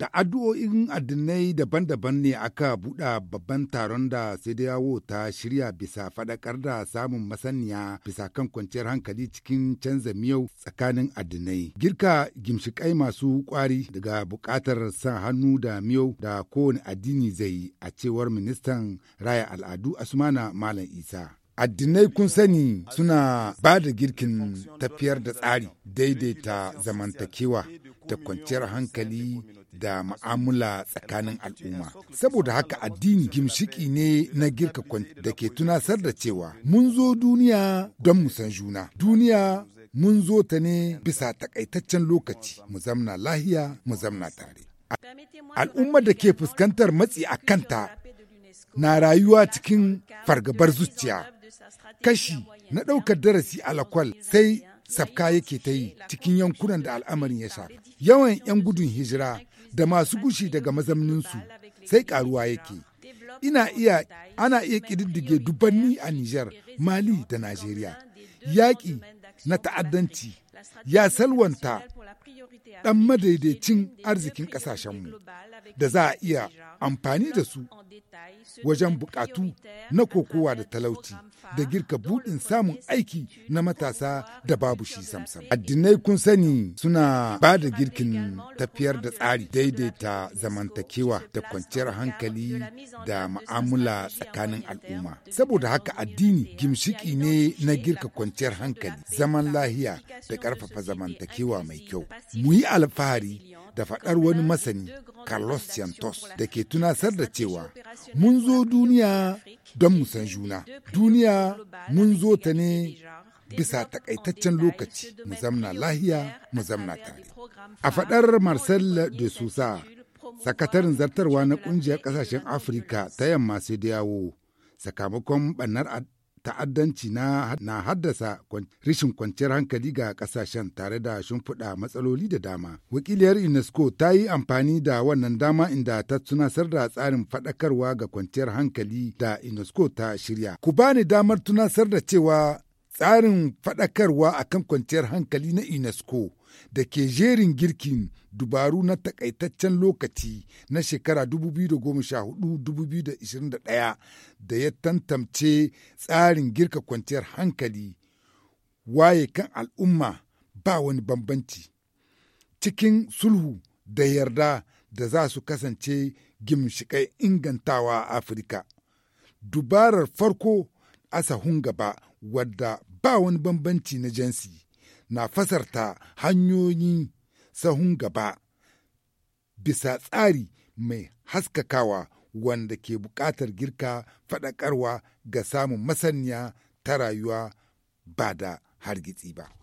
Da addu'o'in addinai daban-daban ne aka buɗa babban taron da sai da yawo ta shirya bisa faɗakar da samun masaniya bisa kan kwanciyar hankali cikin canza miyau tsakanin addinai. Girka gimshikai masu ƙwari daga buƙatar san hannu da miyau da kowane addini zai a cewar ministan raya al'adu Asmana Malam Isa. addinai kun sani suna ba da girkin tafiyar da tsari daidaita zamantakewa da kwanciyar hankali da ma'amula tsakanin al'umma. Saboda haka addini gimshiki ne na girka da ke tunasar da cewa mun zo duniya don mu san juna. Duniya mun zo ta ne bisa takaitaccen lokaci mu zamna lahiya mu zamna tare. Al'ummar da ke fuskantar matsi a kanta na rayuwa cikin fargabar zuciya. Kashi na ɗaukar darasi alakwal sai sabka yake ta yi cikin yankunan da al'amarin ya shafa. Yawan 'yan gudun hijira da masu gushi daga mazamninsu sai karuwa yake ina iya ana iya ƙididdige dubanni a Nijar, Mali da Najeriya. Yaƙi na ta'addanci ya salwanta ɗan madaidaicin arzikin ƙasashenmu da za a iya amfani da su wajen buƙatu na kokowa da talauci da girka buɗin samun aiki na matasa da babu shi samsam. Addinai kun sani suna ba da girkin tafiyar da tsari daidaita zamantakewa da kwanciyar hankali da ma'amula tsakanin al'umma. Saboda haka addini gimshiki ne na girka kwanciyar hankali, zaman lahiya da karfafa zamantakewa mai kyau. Mu yi alfahari da faɗar wani masani Carlos Santos da ke tunasar da cewa mun zo duniya don mu san juna. Duniya mun zo ta ne bisa takaitaccen lokaci mu zamna lahiya mu zamna tare. A faɗar Marcel de Sousa, sakataren zartarwa na ƙungiyar ƙasashen Afirka ta yamma sai da yawo sakamakon ɓannar ta'addanci na, haddasa rashin kwanciyar hankali ga kasashen tare da shimfiɗa matsaloli da dama. Wakiliyar UNESCO ta yi amfani da wannan dama inda ta tunasar da tsarin faɗakarwa ga kwanciyar hankali da UNESCO ta shirya. Ku bani damar tunasar da cewa tsarin faɗakarwa kan kwanciyar hankali na UNESCO da ke jerin girkin dubaru na takaitaccen lokaci na shekara 2014-2021 da ya tantamce tsarin girka kwanciyar hankali waye kan al'umma ba wani bambanci cikin sulhu da yarda da za su kasance gimshikai ingantawa a afirka dubarar farko asahun gaba wadda ba wani bambanci na jinsi na fasarta hanyoyin sahun gaba bisa tsari mai haskakawa wanda ke buƙatar girka faɗakarwa ga samun masaniya ta rayuwa ba da hargitsi ba.